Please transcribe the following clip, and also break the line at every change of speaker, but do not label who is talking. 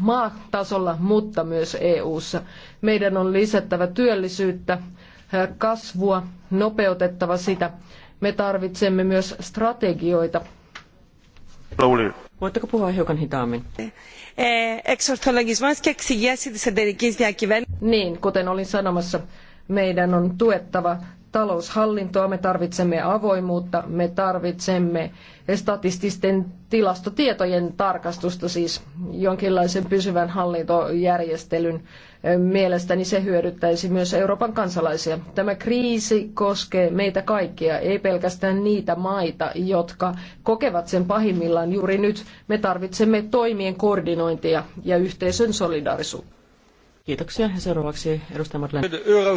maatasolla, mutta myös EU:ssa. Meidän on lisättävä työllisyyttä, kasvua, nopeutettava sitä. Me tarvitsemme myös strategioita. Voitteko puhua hiukan hitaammin? Niin, kuten olin sanomassa, meidän on tuettava taloushallintoa, me tarvitsemme avoimuutta, me tarvitsemme statististen tilastotietojen tarkastusta, siis jonkinlaisen pysyvän hallintojärjestelyn mielestäni se hyödyttäisi myös Euroopan kansalaisia. Tämä kriisi koskee meitä kaikkia, ei pelkästään niitä maita, jotka kokevat sen pahimmillaan juuri nyt. Me tarvitsemme toimien koordinointia ja yhteisön solidaarisuutta. Kiitoksia. seuraavaksi edustaja
Madeleine.